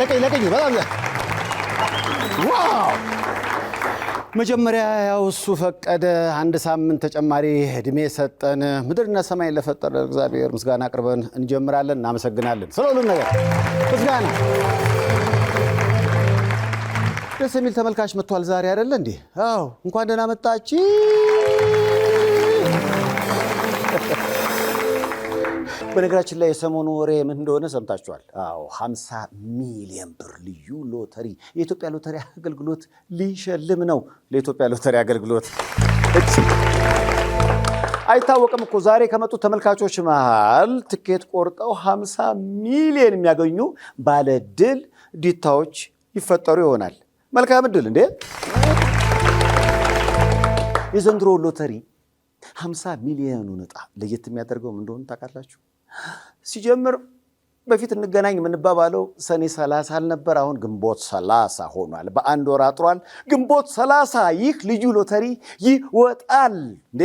ለቀኝ በጣም ዋው። መጀመሪያ ያው እሱ ፈቀደ፣ አንድ ሳምንት ተጨማሪ እድሜ ሰጠን። ምድርና ሰማይን ለፈጠረ እግዚአብሔር ምስጋና አቅርበን እንጀምራለን። እናመሰግናለን ስለ ነገር ምስጋና። ደስ የሚል ተመልካች መጥቷል ዛሬ አይደለ እንዴ? አዎ እንኳን ደህና መጣች። በነገራችን ላይ የሰሞኑ ወሬ ምን እንደሆነ ሰምታችኋል? አዎ 50 ሚሊዮን ብር ልዩ ሎተሪ የኢትዮጵያ ሎተሪ አገልግሎት ሊሸልም ነው። ለኢትዮጵያ ሎተሪ አገልግሎት አይታወቅም እኮ ዛሬ ከመጡት ተመልካቾች መሃል ትኬት ቆርጠው 50 ሚሊዮን የሚያገኙ ባለ ድል ዲታዎች ይፈጠሩ ይሆናል። መልካም እድል እንዴ! የዘንድሮ ሎተሪ 50 ሚሊዮኑን ዕጣ ለየት የሚያደርገው ምን እንደሆነ ታውቃላችሁ? ሲጀምር በፊት እንገናኝ የምንባባለው ሰኔ ሰላሳ አልነበር? አሁን ግንቦት ሰላሳ ሆኗል። በአንድ ወር አጥሯል። ግንቦት ሰላሳ ይህ ልዩ ሎተሪ ይወጣል እንዴ!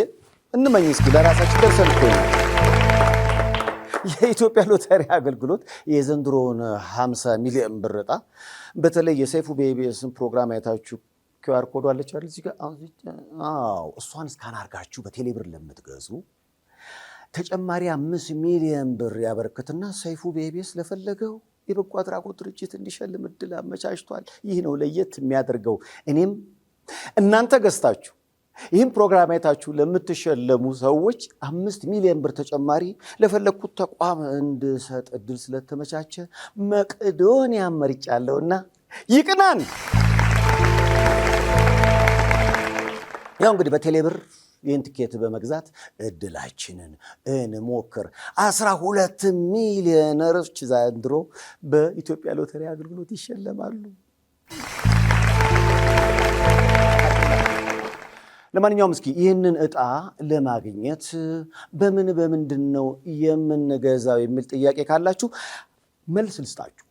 እንመኝ እስኪ ለራሳችን ደርሰን የኢትዮጵያ ሎተሪ አገልግሎት የዘንድሮውን 50 ሚሊዮን ብር ዕጣ በተለይ የሰይፉ ቤቤስን ፕሮግራም አይታችሁ ኪዋር ኮዱ አለች አይደል? እዚህ ጋር እሷን እስካን አርጋችሁ በቴሌብር ለምትገዙ ተጨማሪ አምስት ሚሊዮን ብር ያበረክትና ሰይፉ በኢቢኤስ ለፈለገው የበጎ አድራጎት ድርጅት እንዲሸልም እድል አመቻችቷል። ይህ ነው ለየት የሚያደርገው። እኔም እናንተ ገዝታችሁ ይህም ፕሮግራም አይታችሁ ለምትሸለሙ ሰዎች አምስት ሚሊዮን ብር ተጨማሪ ለፈለግኩት ተቋም እንድሰጥ እድል ስለተመቻቸ መቅዶንያ መርጫለሁና ይቅናን። ያው እንግዲህ በቴሌብር ይህን ትኬት በመግዛት እድላችንን እንሞክር። አስራ ሁለት ሚሊዮነሮች ዘንድሮ በኢትዮጵያ ሎተሪ አገልግሎት ይሸለማሉ። ለማንኛውም እስኪ ይህንን እጣ ለማግኘት በምን በምንድን ነው የምንገዛው የሚል ጥያቄ ካላችሁ መልስ ልስጣችሁ።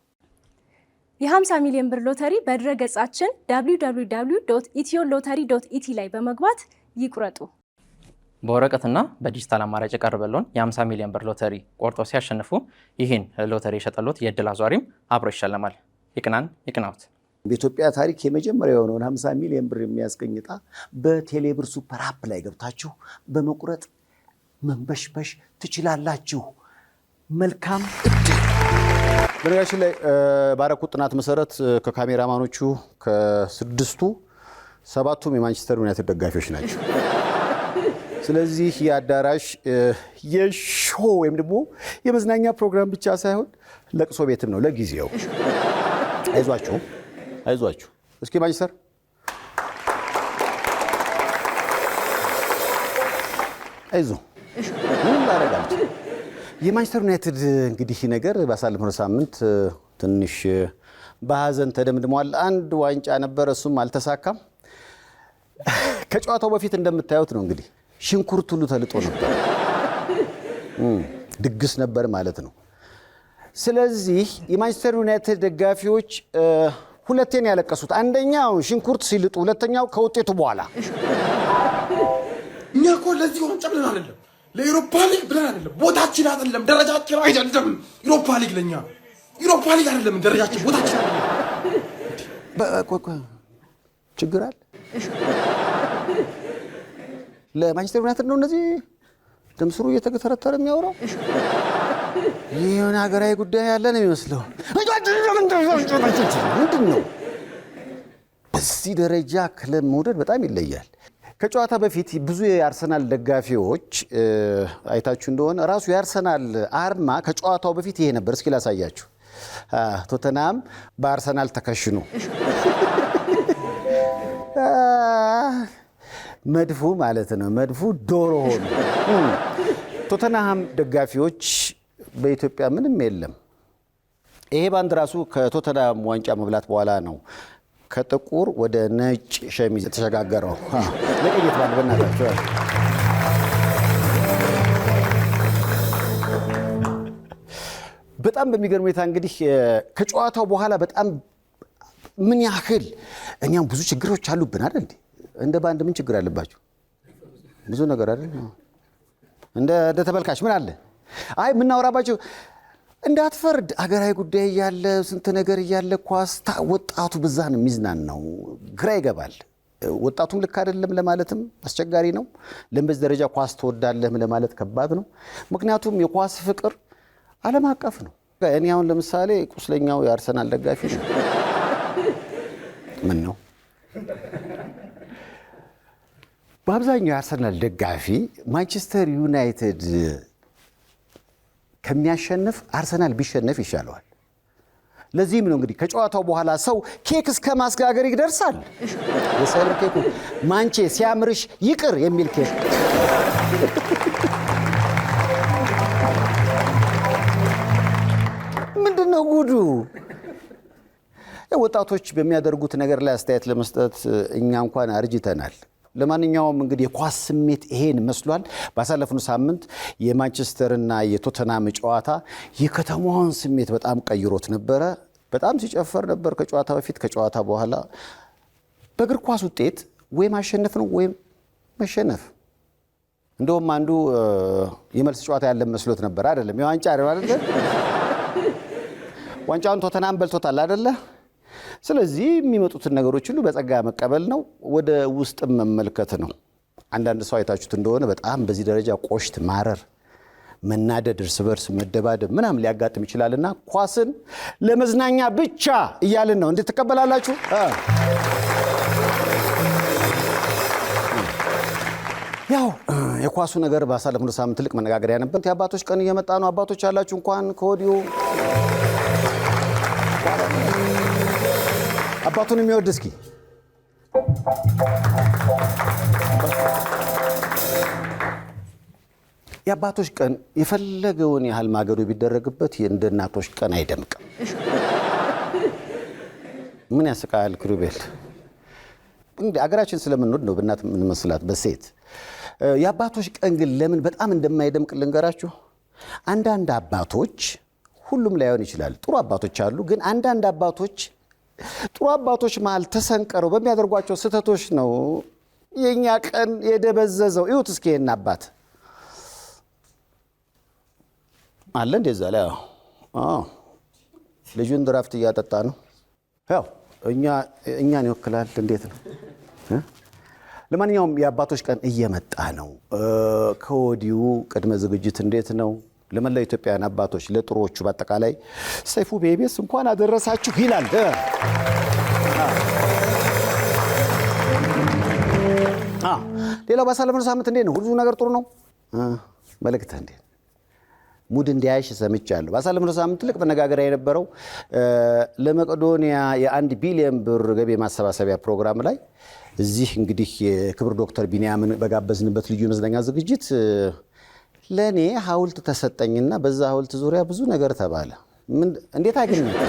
የ50 ሚሊዮን ብር ሎተሪ በድረ ገጻችን ኢትዮ ሎተሪ ዶት ኢቲ ላይ በመግባት ይቁረጡ። በወረቀትና በዲጂታል አማራጭ የቀረበለውን የ50 ሚሊዮን ብር ሎተሪ ቆርጦ ሲያሸንፉ ይህን ሎተሪ የሸጠሎት የእድል አዟሪም አብሮ ይሸለማል። ይቅናን ይቅናውት። በኢትዮጵያ ታሪክ የመጀመሪያ የሆነውን 50 ሚሊዮን ብር የሚያስገኝ ዕጣ በቴሌብር ሱፐር አፕ ላይ ገብታችሁ በመቁረጥ መንበሽበሽ ትችላላችሁ። መልካም እድል። በነገራችን ላይ ባረኩት ጥናት መሰረት ከካሜራማኖቹ ከስድስቱ ሰባቱም የማንቸስተር ዩናይትድ ደጋፊዎች ናቸው። ስለዚህ የአዳራሽ የሾ ወይም ደግሞ የመዝናኛ ፕሮግራም ብቻ ሳይሆን ለቅሶ ቤትም ነው ለጊዜው። አይዟችሁ አይዟችሁ። እስኪ ማጅስተር አይዞ ምንም አረጋችሁ። የማንቸስተር ዩናይትድ እንግዲህ ነገር ባሳለፍነው ሳምንት ትንሽ በሀዘን ተደምድሟል። አንድ ዋንጫ ነበር፣ እሱም አልተሳካም። ከጨዋታው በፊት እንደምታዩት ነው እንግዲህ ሽንኩርት ሁሉ ተልጦ ነበር። ድግስ ነበር ማለት ነው። ስለዚህ የማንቸስተር ዩናይትድ ደጋፊዎች ሁለቴን ያለቀሱት፣ አንደኛው ሽንኩርት ሲልጡ፣ ሁለተኛው ከውጤቱ በኋላ። እኛ እኮ ለዚህ ዋንጫ ብለን አይደለም፣ ለኢሮፓ ሊግ ብለን አይደለም፣ ቦታችን አይደለም፣ ደረጃችን አይደለም። ኢሮፓ ሊግ ለእኛ ኢሮፓ ሊግ አይደለም፣ ደረጃችን ቦታችን አይደለም። ችግር አለ ለማንቸስተር ዩናይትድ ነው እንደዚህ ደምስሩ እየተተረተረ የሚያወራው የሆነ ሀገራዊ ጉዳይ ያለ ነው የሚመስለው። ምንድን ነው በዚህ ደረጃ ክለብ መውደድ በጣም ይለያል። ከጨዋታ በፊት ብዙ የአርሰናል ደጋፊዎች አይታችሁ እንደሆነ ራሱ የአርሰናል አርማ ከጨዋታው በፊት ይሄ ነበር። እስኪ ላሳያችሁ። ቶተናም በአርሰናል ተከሽኖ መድፉ ማለት ነው። መድፉ ዶሮ ሆኑ። ቶተናሃም ደጋፊዎች በኢትዮጵያ ምንም የለም። ይሄ ባንድ ራሱ ከቶተናሃም ዋንጫ መብላት በኋላ ነው ከጥቁር ወደ ነጭ ሸሚዝ የተሸጋገረው። ለቅኝት ባንድ በናታቸዋል በጣም በሚገርም ሁኔታ እንግዲህ ከጨዋታው በኋላ በጣም ምን ያህል እኛም ብዙ ችግሮች አሉብን አይደል እንደ ባንድ ምን ችግር አለባችሁ? ብዙ ነገር አይደል? እንደ ተመልካች ምን አለ? አይ የምናወራባችሁ እንዳትፈርድ አገራዊ ጉዳይ እያለ ስንት ነገር እያለ ኳስ ወጣቱ በዛ ነው የሚዝናናው። ግራ ይገባል። ወጣቱም ልክ አይደለም ለማለትም አስቸጋሪ ነው። ለምን ደረጃ ኳስ ትወዳለህም ለማለት ከባድ ነው። ምክንያቱም የኳስ ፍቅር ዓለም አቀፍ ነው። እኔ አሁን ለምሳሌ ቁስለኛው የአርሰናል ደጋፊ ነው። ምን ነው በአብዛኛው የአርሰናል ደጋፊ ማንቸስተር ዩናይትድ ከሚያሸንፍ አርሰናል ቢሸነፍ ይሻለዋል። ለዚህም ነው እንግዲህ ከጨዋታው በኋላ ሰው ኬክ እስከ ማስጋገር ይደርሳል። የሰብር ኬኩ ማንቼ ሲያምርሽ ይቅር የሚል ኬክ ምንድን ነው ጉዱ? ወጣቶች በሚያደርጉት ነገር ላይ አስተያየት ለመስጠት እኛ እንኳን አርጅተናል። ለማንኛውም እንግዲህ የኳስ ስሜት ይሄን መስሏል። ባሳለፍነው ሳምንት የማንቸስተርና የቶተናም ጨዋታ የከተማዋን ስሜት በጣም ቀይሮት ነበረ። በጣም ሲጨፈር ነበር ከጨዋታ በፊት፣ ከጨዋታ በኋላ። በእግር ኳስ ውጤት ወይም ማሸነፍ ነው ወይም መሸነፍ። እንደውም አንዱ የመልስ ጨዋታ ያለ መስሎት ነበር። አይደለም የዋንጫ ዋንጫውን ቶተናም በልቶታል አይደለም? ስለዚህ የሚመጡትን ነገሮች ሁሉ በጸጋ መቀበል ነው፣ ወደ ውስጥ መመልከት ነው። አንዳንድ ሰው አይታችሁት እንደሆነ በጣም በዚህ ደረጃ ቆሽት ማረር፣ መናደድ፣ እርስ በርስ መደባደብ ምናምን ሊያጋጥም ይችላልና ኳስን ለመዝናኛ ብቻ እያልን ነው። እንዴት ትቀበላላችሁ? ያው የኳሱ ነገር ባሳለፍነው ሳምንት ትልቅ መነጋገሪያ ነበር። የአባቶች ቀን እየመጣ ነው። አባቶች ያላችሁ እንኳን ከወዲሁ አባቱን የሚወድ እስኪ የአባቶች ቀን የፈለገውን ያህል ማገዶ ቢደረግበት እንደ እናቶች ቀን አይደምቅም። ምን ያስቃል? ክሩቤል እንግዲህ አገራችን ስለምንወድ ነው በእናት የምንመስላት በሴት የአባቶች ቀን ግን ለምን በጣም እንደማይደምቅ ልንገራችሁ። አንዳንድ አባቶች ሁሉም ላይሆን ይችላል፣ ጥሩ አባቶች አሉ። ግን አንዳንድ አባቶች ጥሩ አባቶች መሃል ተሰንቀረው በሚያደርጓቸው ስህተቶች ነው የእኛ ቀን የደበዘዘው። ይሁት እስኪ ይህን አባት አለ እንደዛ ላይ ልጁን ድራፍት እያጠጣ ነው። ያው እኛን ይወክላል። እንዴት ነው? ለማንኛውም የአባቶች ቀን እየመጣ ነው። ከወዲሁ ቅድመ ዝግጅት እንዴት ነው? ለመላው ኢትዮጵያውያን አባቶች፣ ለጥሮቹ በአጠቃላይ ሰይፉ በኢቢኤስ እንኳን አደረሳችሁ ይላል። ሌላው ባሳለፍነው ሳምንት እንዴት ነው? ሁሉ ነገር ጥሩ ነው። መልእክትህ እንዴት ሙድ እንዲያይሽ ሰምቻለሁ። ባሳለፍነው ሳምንት ትልቅ መነጋገሪያ የነበረው ለመቄዶንያ የአንድ ቢሊዮን ብር ገቢ ማሰባሰቢያ ፕሮግራም ላይ እዚህ እንግዲህ የክብር ዶክተር ቢንያምን በጋበዝንበት ልዩ የመዝናኛ ዝግጅት ለእኔ ሀውልት ተሰጠኝና በዛ ሀውልት ዙሪያ ብዙ ነገር ተባለ። እንዴት አገኘሁት?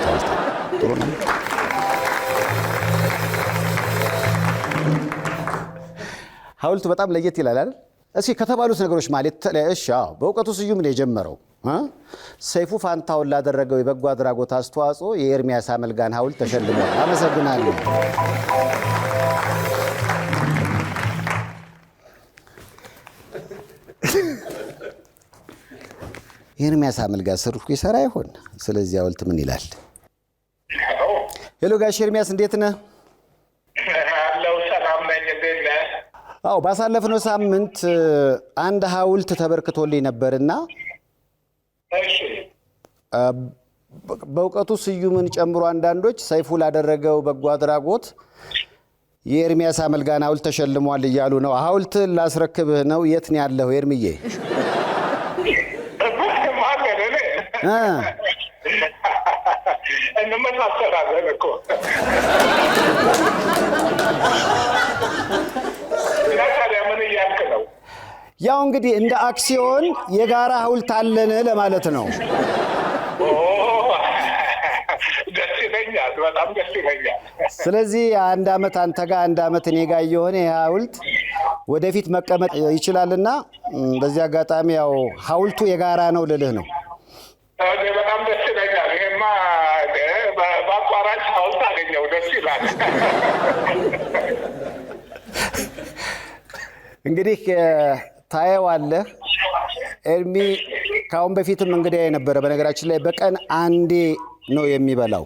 ሐውልቱ በጣም ለየት ይላል አይደል? እስኪ ከተባሉት ነገሮች ማለት እሺ፣ በእውቀቱ ስዩም ነው የጀመረው። ሰይፉ ፋንታውን ላደረገው የበጎ አድራጎት አስተዋጽኦ የኤርሚያስ አመልጋን ሀውልት ተሸልሟል። አመሰግናለሁ። ይህን አመልጋ ጋር ስርኩ ይሰራ ይሆን? ስለዚህ አውልት ምን ይላል? ሄሎ ጋሽ ኤርሚያስ እንዴት ነህ? አለው ሰላም ነኝ። እንዴት አዎ ባሳለፍነው ሳምንት አንድ ሀውልት ተበርክቶልኝ ነበርና በእውቀቱ ስዩምን ጨምሮ አንዳንዶች ሰይፉ ላደረገው በጎ አድራጎት የኤርሚያስ አመልጋን ሀውልት ተሸልሟል እያሉ ነው። ሀውልት ላስረክብህ ነው። የት ነው ኤርሚዬ? እንመሳሰላለን እኮ ያው እንግዲህ እንደ አክሲዮን የጋራ ሀውልት አለን ለማለት ነው። ደስ ይለኛል፣ በጣም ደስ ይለኛል። ስለዚህ አንድ አመት አንተ ጋር አንድ አመት እኔ ጋር እየሆነ ይህ ሀውልት ወደፊት መቀመጥ ይችላልና በዚህ አጋጣሚ ያው ሀውልቱ የጋራ ነው ልልህ ነው። በጣም ደስ ይለኛል። ይሄማ በአቋራጭ ሐውልት አገኘው ደስ ይላል። እንግዲህ ታየዋለህ ኤርሚ ከአሁን በፊትም እንግዲ የነበረ በነገራችን ላይ በቀን አንዴ ነው የሚበላው።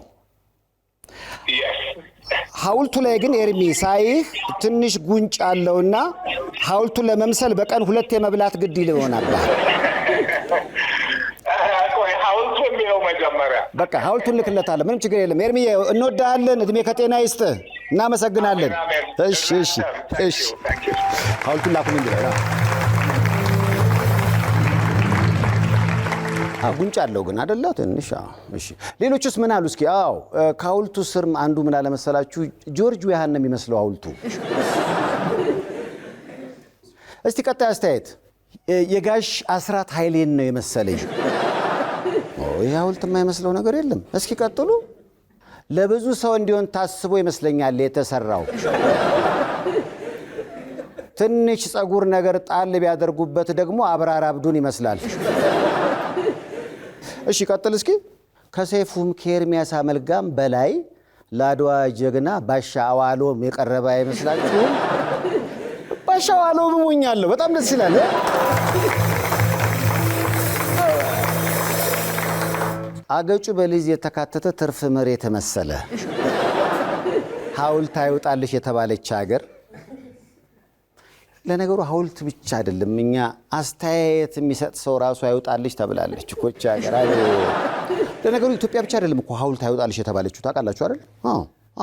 ሐውልቱ ላይ ግን ኤርሚ ሳይህ ትንሽ ጉንጭ አለውና ሐውልቱን ለመምሰል በቀን ሁለት የመብላት ግድ ይሆናል። በቃ ሀውልቱን ልክለታለሁ። ምንም ችግር የለም። ኤርሚዬ እንወዳሃለን። እድሜ ከጤና ይስጥ። እናመሰግናለን። እሺ፣ እሺ፣ እሺ። ሐውልቱን ላኩልኝ አለው ግን አደለ? ትንሽ እሺ። ሌሎቹስ ምን አሉ? እስኪ አዎ፣ ከሐውልቱ ስር አንዱ ምን አለመሰላችሁ? ጆርጅ ዊሃን ነው የሚመስለው ሀውልቱ? እስቲ ቀጣይ አስተያየት የጋሽ አስራት ኃይሌን ነው የመሰለኝ ይህ ሐውልት የማይመስለው ነገር የለም። እስኪ ቀጥሉ። ለብዙ ሰው እንዲሆን ታስቦ ይመስለኛል የተሰራው። ትንሽ ጸጉር ነገር ጣል ቢያደርጉበት ደግሞ አብራራ አብዱን ይመስላል። እሺ ቀጥል እስኪ። ከሰይፉም ከኤርሚያስ አመልጋም በላይ ለአድዋ ጀግና ባሻ አዋሎም የቀረበ አይመስላችሁም? ባሻ አዋሎም እሞኛለሁ። በጣም ደስ ይላል። አገጩ በሊዝ የተካተተ ትርፍ መሬት መሰለ ሀውልት አይውጣልሽ የተባለች ሀገር። ለነገሩ ሀውልት ብቻ አይደለም፣ እኛ አስተያየት የሚሰጥ ሰው ራሱ አይውጣልሽ ተብላለች ኮች ሀገር። ለነገሩ ኢትዮጵያ ብቻ አይደለም እኮ ሀውልት አይውጣልሽ የተባለችው ታውቃላችሁ አይደል?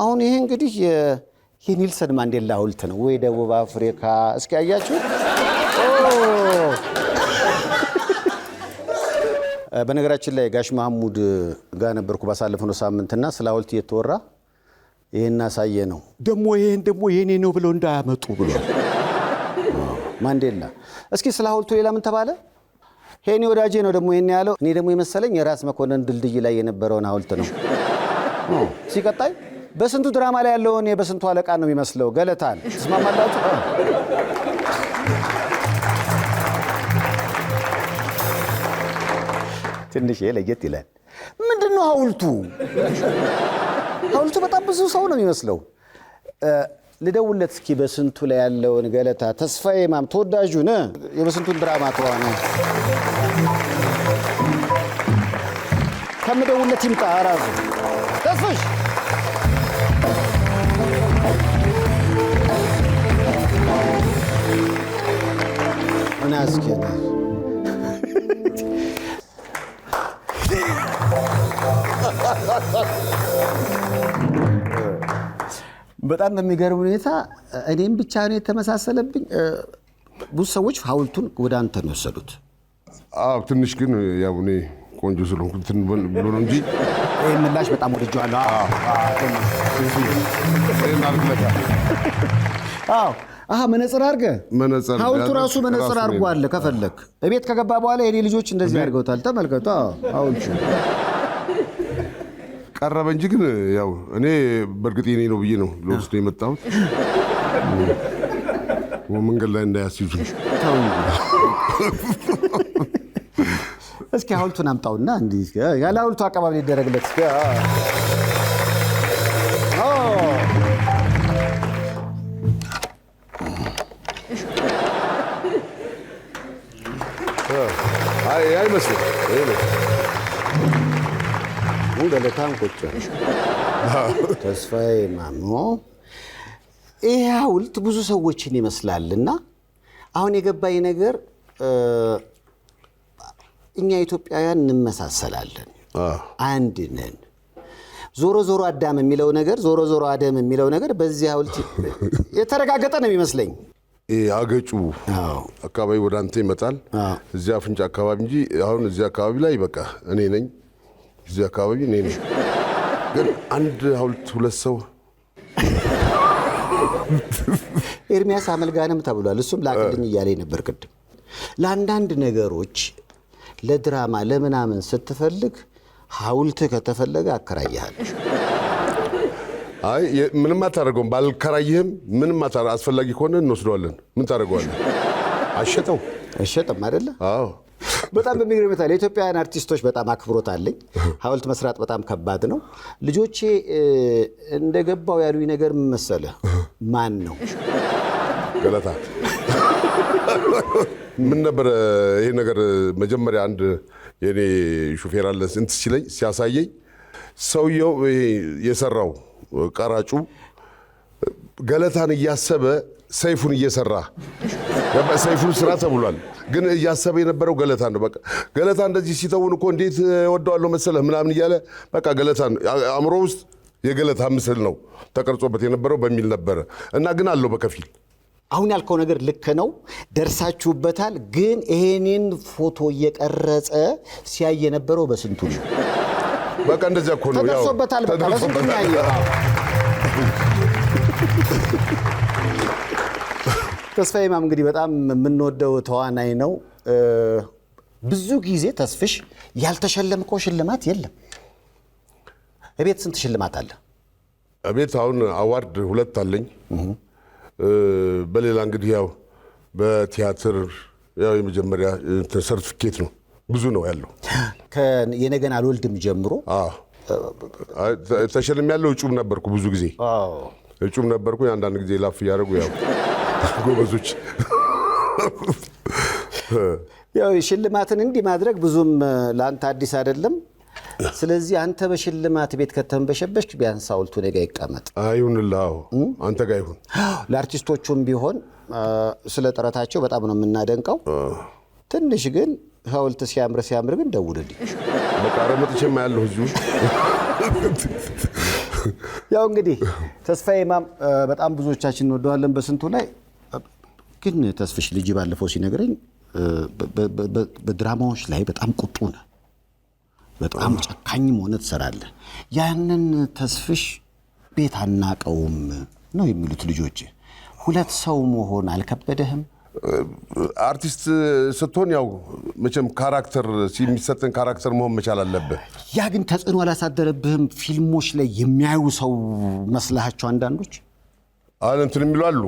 አሁን ይሄ እንግዲህ የኒልሰን ማንዴላ ሀውልት ነው ወይ ደቡብ አፍሪካ እስኪ አያችሁ በነገራችን ላይ ጋሽ መሐሙድ ጋር ነበርኩ ባሳለፍነው ሳምንትና ስለ ሐውልት እየተወራ ይህን አሳየ ነው ደግሞ ይህን ደግሞ የኔ ነው ብለው እንዳያመጡ ብሎ ማንዴላ። እስኪ ስለ ሐውልቱ ሌላ ምን ተባለ? ሄኔ ወዳጄ ነው ደግሞ ይህን ያለው። እኔ ደግሞ የመሰለኝ የራስ መኮንን ድልድይ ላይ የነበረውን ሐውልት ነው። ሲቀጣይ በስንቱ ድራማ ላይ ያለውን የበስንቱ አለቃ ነው የሚመስለው ገለታን። ትስማማላችሁ? ትንሽ ለየት ይላል። ምንድን ነው ሐውልቱ? ሐውልቱ በጣም ብዙ ሰው ነው የሚመስለው። ልደውለት እስኪ በስንቱ ላይ ያለውን ገለታ ተስፋዬ ማም ተወዳጁን የበስንቱን ድራማ ተዋነ ከምደውለት ይምጣ ራሱ ተስፍሽ ምን በጣም በሚገርም ሁኔታ እኔም ብቻ ነው የተመሳሰለብኝ። ብዙ ሰዎች ሀውልቱን ወደ አንተ ነው የወሰዱት። አዎ ትንሽ ግን ያው እኔ ቆንጆ ስለሆንኩ እንትን ብሎ ነው እንጂ ይህ ምላሽ በጣም ወድጄዋለሁ። አ አሀ መነጽር አድርገህ ሐውልቱ ራሱ መነጽር አርጓለ። ከፈለክ እቤት ከገባ በኋላ የኔ ልጆች እንደዚህ አድርገውታል። ተመልከቱ ሐውልቱ ቀረበ እንጂ ግን ያው እኔ በእርግጥ የኔ ነው ብዬ ነው ለወስዶ የመጣሁት። መንገድ ላይ እንዳያስይዙ። እስኪ ሀውልቱን አምጣውና እንዲህ ያለ ሐውልቱ አቀባቢ አይመስልም። ለለታን ቁጭ ተስፋዬ ማሞ ይህ ሐውልት ብዙ ሰዎችን ይመስላል እና አሁን የገባኝ ነገር እኛ ኢትዮጵያውያን እንመሳሰላለን፣ አንድ ነን። ዞሮ ዞሮ አዳም የሚለው ነገር ዞሮ ዞሮ አደም የሚለው ነገር በዚህ ሐውልት የተረጋገጠ ነው የሚመስለኝ። አገጩ አካባቢ ወደ አንተ ይመጣል፣ እዚህ አፍንጫ አካባቢ እንጂ አሁን እዚህ አካባቢ ላይ በቃ እኔ ነኝ እዚህ አካባቢ እኔ ነኝ። ግን አንድ ሀውልት ሁለት ሰው ኤርሚያስ አመልጋንም ተብሏል። እሱም ላክልኝ እያለ ነበር ቅድም። ለአንዳንድ ነገሮች ለድራማ ለምናምን ስትፈልግ ሀውልት ከተፈለገ አከራይሃል። አይ ምንም አታደርገውም። ባልከራይህም ምንም አታደርገው። አስፈላጊ ከሆነ እንወስደዋለን። ምን ታደርገዋለን? አሸጠው አሸጠም አይደለ? አዎ በጣም በሚገርም ሁኔታ ለኢትዮጵያውያን አርቲስቶች በጣም አክብሮት አለኝ። ሀውልት መስራት በጣም ከባድ ነው። ልጆቼ እንደገባው ያሉኝ ነገር መሰለ ማን ነው ገለታ ምን ነበር ይሄ ነገር? መጀመሪያ አንድ የኔ ሹፌር አለ ስንት ሲለኝ ሲያሳየኝ ሰውየው የሰራው ቀራጩ ገለታን እያሰበ ሰይፉን እየሰራ ሰይፉን ስራ ተብሏል። ግን እያሰበ የነበረው ገለታ ነው። በቃ ገለታ እንደዚህ ሲተውን እኮ እንዴት ወደዋለሁ መሰለህ ምናምን እያለ በቃ ገለታ አእምሮ ውስጥ የገለታ ምስል ነው ተቀርጾበት የነበረው በሚል ነበረ እና ግን አለው በከፊል አሁን ያልከው ነገር ልክ ነው፣ ደርሳችሁበታል። ግን ይሄንን ፎቶ እየቀረጸ ሲያይ የነበረው በስንቱ ነው? በቃ እንደዚያ እኮ ነው። ተደርሶበታል። በስንቱ ተስፋዬ ማም እንግዲህ በጣም የምንወደው ተዋናይ ነው። ብዙ ጊዜ ተስፍሽ ያልተሸለምከው ሽልማት የለም። እቤት ስንት ሽልማት አለ? እቤት አሁን አዋርድ ሁለት አለኝ። በሌላ እንግዲህ ያው በቲያትር ያው የመጀመሪያ ሰርቲፊኬት ነው። ብዙ ነው ያለው። የነገን አልወልድም ጀምሮ ያለው እጩም ነበርኩ ብዙ ጊዜ እጩም ነበርኩ። አንዳንድ ጊዜ ላፍ እያደረጉ ያው ጎበዞች። ያው ሽልማትን እንዲህ ማድረግ ብዙም ለአንተ አዲስ አይደለም። ስለዚህ አንተ በሽልማት ቤት ከተንበሸበሽ ቢያንስ ሐውልቱ እኔ ጋ ይቀመጥ። ይሁንልህ፣ አንተ ጋ ይሁን። ለአርቲስቶቹም ቢሆን ስለ ጥረታቸው በጣም ነው የምናደንቀው። ትንሽ ግን ሐውልት ሲያምር ሲያምር ግን ደውልልኝ። በቃ ረመጥቼማ ያለሁ እዚሁ። ያው እንግዲህ ተስፋዬ ማም በጣም ብዙዎቻችን እንወደዋለን። በስንቱ ላይ ግን ተስፍሽ ልጅ ባለፈው ሲነግረኝ በድራማዎች ላይ በጣም ቁጡ ነህ፣ በጣም ጨካኝም ሆነ ትሰራለህ። ያንን ተስፍሽ ቤት አናቀውም ነው የሚሉት ልጆች። ሁለት ሰው መሆን አልከበደህም? አርቲስት ስትሆን ያው መቼም ካራክተር የሚሰጥን ካራክተር መሆን መቻል አለብህ። ያ ግን ተጽዕኖ አላሳደረብህም? ፊልሞች ላይ የሚያዩ ሰው መስላቸው አንዳንዶች አሁን እንትን የሚሉ አሉ፣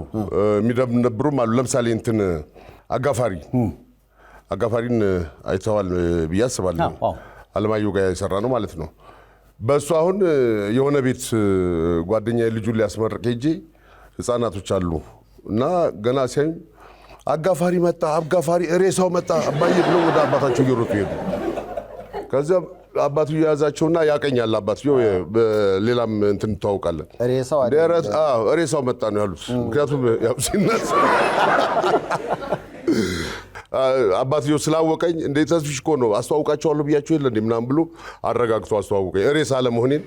የሚደብሩም አሉ። ለምሳሌ እንትን አጋፋሪ አጋፋሪን አይተዋል ብዬ አስባለሁ። አለማየሁ ጋር የሰራ ነው ማለት ነው። በእሱ አሁን የሆነ ቤት ጓደኛ ልጁን ሊያስመርቅ ሄጄ ህፃናቶች አሉ እና ገና ሲያዩ አጋፋሪ መጣ፣ አጋፋሪ ሬሳው መጣ አባዬ ብለው ወደ አባታቸው እየሮጡ ሄዱ። ከዚያ አባቱ የያዛቸውና ያቀኛል አባት ሌላም እንትን እንተዋውቃለን። ሬሳው መጣ ነው ያሉት። ምክንያቱም ያው ሲነስ አባትየው ስላወቀኝ እንደ ተስፊሽ እኮ ነው አስተዋውቃቸዋለሁ ብያቸው የለ ምናምን ብሎ አረጋግቶ አስተዋውቀኝ ሬሳ አለመሆኔን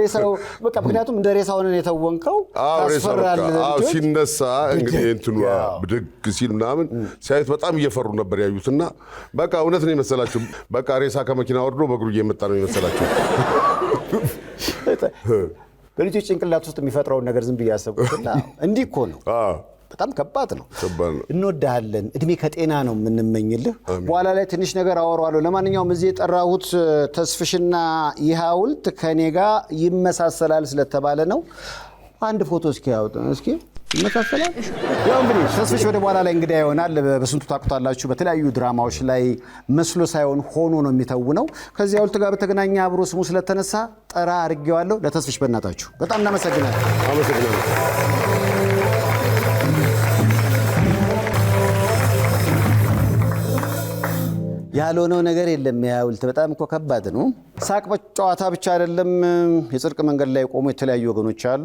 ሬሳው በቃ ምክንያቱም እንደ ሬሳውን ነው የተወንከው ያስፈራል። ሲነሳ እንግዲህ እንትኑ ብድግ ሲል ምናምን ሲያዩት በጣም እየፈሩ ነበር ያዩትና በቃ እውነት ነው የመሰላቸው። በቃ ሬሳ ከመኪና ወርዶ በእግሩ እየመጣ ነው የመሰላቸው። በልጆች ጭንቅላት ውስጥ የሚፈጥረውን ነገር ዝም ብዬ ያሰብኩትና እንዲህ እኮ ነው በጣም ከባድ ነው። እንወዳሃለን። እድሜ ከጤና ነው የምንመኝልህ። በኋላ ላይ ትንሽ ነገር አወራዋለሁ። ለማንኛውም እዚህ የጠራሁት ተስፍሽና ይህ ሐውልት ከኔ ጋር ይመሳሰላል ስለተባለ ነው። አንድ ፎቶ እስኪ ያውጥ እስኪ ይመሳሰላል። ያው እንግዲህ ተስፍሽ ወደ በኋላ ላይ እንግዳ ይሆናል። በስንቱ ታቁታላችሁ። በተለያዩ ድራማዎች ላይ መስሎ ሳይሆን ሆኖ ነው የሚተውነው። ከዚህ ሐውልት ጋር በተገናኘ አብሮ ስሙ ስለተነሳ ጠራ አድርጌዋለሁ። ለተስፍሽ በእናታችሁ በጣም እናመሰግናለን። ያልሆነው ነገር የለም። ያውልት በጣም እኮ ከባድ ነው። ሳቅ ጨዋታ ብቻ አይደለም። የጽድቅ መንገድ ላይ የቆሙ የተለያዩ ወገኖች አሉ።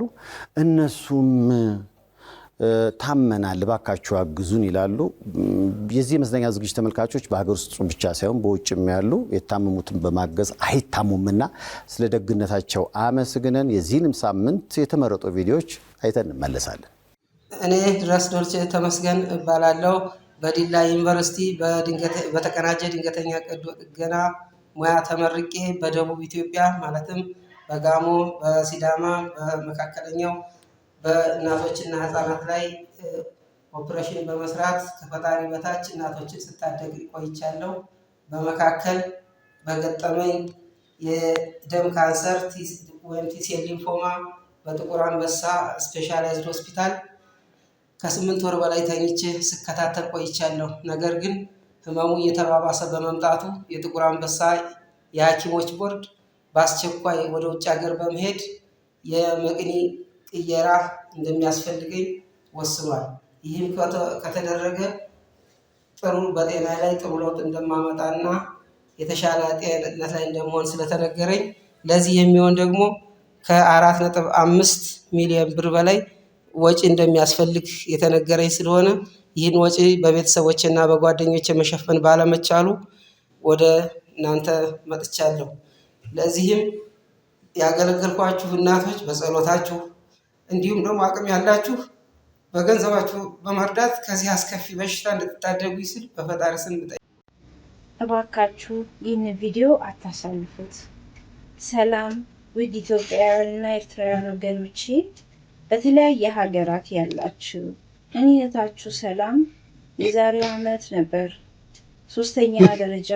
እነሱም ታመናል፣ እባካችሁ አግዙን ይላሉ። የዚህ የመዝናኛ ዝግጅት ተመልካቾች በሀገር ውስጥ ብቻ ሳይሆን በውጭም ያሉ የታመሙትን በማገዝ አይታሙምና ስለ ደግነታቸው አመስግነን የዚህንም ሳምንት የተመረጡ ቪዲዮዎች አይተን እንመለሳለን። እኔ ድረስ ዶልቼ ተመስገን እባላለሁ። በዲላ ዩኒቨርሲቲ በተቀናጀ ድንገተኛ ቀዶ ጥገና ሙያ ተመርቄ በደቡብ ኢትዮጵያ ማለትም በጋሞ፣ በሲዳማ፣ በመካከለኛው በእናቶችና ህፃናት ላይ ኦፕሬሽን በመስራት ከፈጣሪ በታች እናቶችን ስታደግ ቆይቻለሁ። በመካከል በገጠመኝ የደም ካንሰር ወይም ቲሴል ሊንፎማ በጥቁር አንበሳ ስፔሻላይዝድ ሆስፒታል ከስምንት ወር በላይ ተኝቼ ስከታተል ቆይቻለሁ። ነገር ግን ህመሙ እየተባባሰ በመምጣቱ የጥቁር አንበሳ የሐኪሞች ቦርድ በአስቸኳይ ወደ ውጭ ሀገር በመሄድ የመቅኒ ቅየራ እንደሚያስፈልገኝ ወስኗል። ይህም ከተደረገ ጥሩ በጤና ላይ ጥሩ ለውጥ እንደማመጣና የተሻለ ጤንነት ላይ እንደመሆን ስለተነገረኝ ለዚህ የሚሆን ደግሞ ከአራት ነጥብ አምስት ሚሊዮን ብር በላይ ወጪ እንደሚያስፈልግ የተነገረኝ ስለሆነ ይህን ወጪ በቤተሰቦች እና በጓደኞች የመሸፈን ባለመቻሉ ወደ እናንተ መጥቻለሁ። ለዚህም ያገለገልኳችሁ እናቶች በጸሎታችሁ እንዲሁም ደግሞ አቅም ያላችሁ በገንዘባችሁ በመርዳት ከዚህ አስከፊ በሽታ እንድትታደጉ ይስል በፈጣሪ ስም እባካችሁ ይህን ቪዲዮ አታሳልፉት። ሰላም ውድ ኢትዮጵያውያን እና ኤርትራውያን ወገኖቼ በተለያየ ሀገራት ያላችሁ እኔነታችሁ ሰላም የዛሬው ዓመት ነበር ሶስተኛ ደረጃ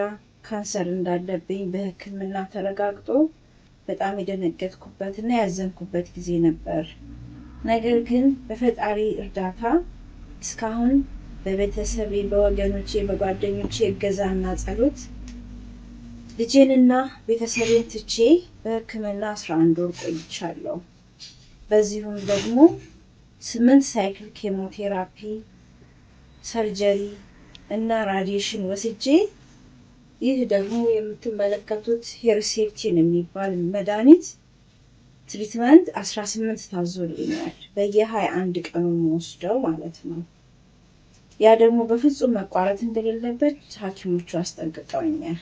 ካንሰር እንዳለብኝ በሕክምና ተረጋግጦ በጣም የደነገጥኩበት እና ያዘንኩበት ጊዜ ነበር። ነገር ግን በፈጣሪ እርዳታ እስካሁን በቤተሰቤ፣ በወገኖቼ፣ በጓደኞቼ እገዛና ጸሎት ልጄንና ቤተሰቤን ትቼ በሕክምና አስራ አንድ ወር ቆይቻለሁ። በዚሁም ደግሞ ስምንት ሳይክል ኬሞቴራፒ፣ ሰርጀሪ እና ራዲሽን ወስጄ ይህ ደግሞ የምትመለከቱት ሄርሴፕቲን የሚባል መድኃኒት ትሪትመንት 18 ታዞልኛል። በየ21 ቀኑ ወስደው ማለት ነው። ያ ደግሞ በፍጹም መቋረጥ እንደሌለበት ሐኪሞቹ አስጠንቅቀውኛል።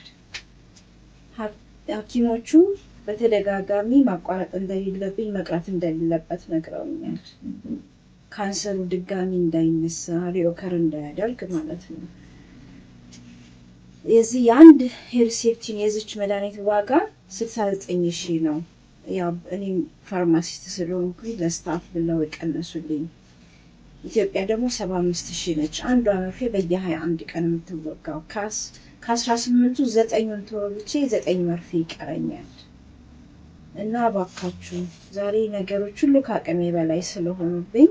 ሐኪሞቹ በተደጋጋሚ ማቋረጥ እንደሌለብኝ መቅረት እንደሌለበት ነግረውኛል። ካንሰሩ ድጋሚ እንዳይነሳ ሪኦከር እንዳያደርግ ማለት ነው። የዚህ የአንድ ሄርሴፕቲን የዚች መድኃኒት ዋጋ 69 ሺ ነው። ያው እኔም ፋርማሲስት ስለሆንኩኝ ለስታፍ ብለው የቀነሱልኝ ኢትዮጵያ ደግሞ 75 ሺ ነች። አንዷ መርፌ በየ21 ቀን የምትወጋው ካስ ከ18ቱ ዘጠኙን ተወግቼ ዘጠኝ መርፌ ይቀረኛል። እና እባካችሁ ዛሬ ነገሮች ሁሉ ከአቅሜ በላይ ስለሆኑብኝ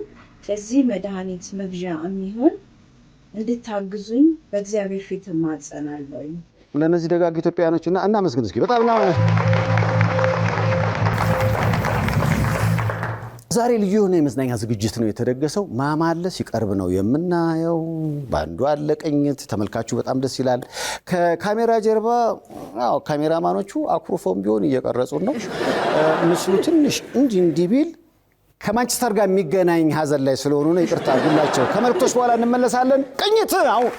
ለዚህ መድኃኒት መግዣ የሚሆን እንድታግዙኝ በእግዚአብሔር ፊት እማጸናለሁ። ለእነዚህ ደጋግ ኢትዮጵያውያኖች እና እናመስግን እስኪ በጣም ዛሬ ልዩ የሆነ የመዝናኛ ዝግጅት ነው የተደገሰው። ማማለ ሲቀርብ ነው የምናየው። በአንዱ አለ ቅኝት፣ ተመልካቹ በጣም ደስ ይላል። ከካሜራ ጀርባ ካሜራማኖቹ አኩርፎም ቢሆን እየቀረጹን ነው። ምስሉ ትንሽ እንዲህ እንዲህ ቢል ከማንቸስተር ጋር የሚገናኝ ሀዘን ላይ ስለሆኑ ነው። ይቅርታ አድርጉላቸው። ከመልክቶች በኋላ እንመለሳለን። ቅኝት አሁን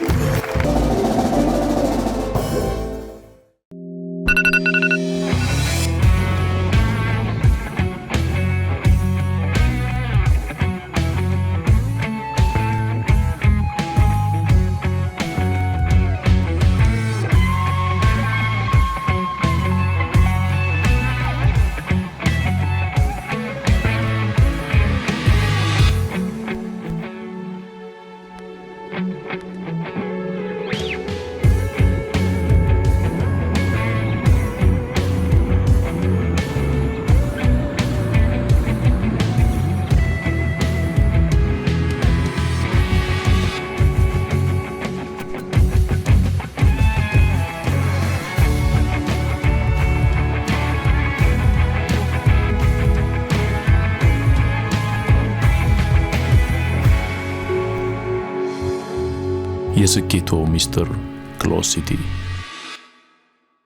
የስኬቶ ሚስጥር ክሎዝ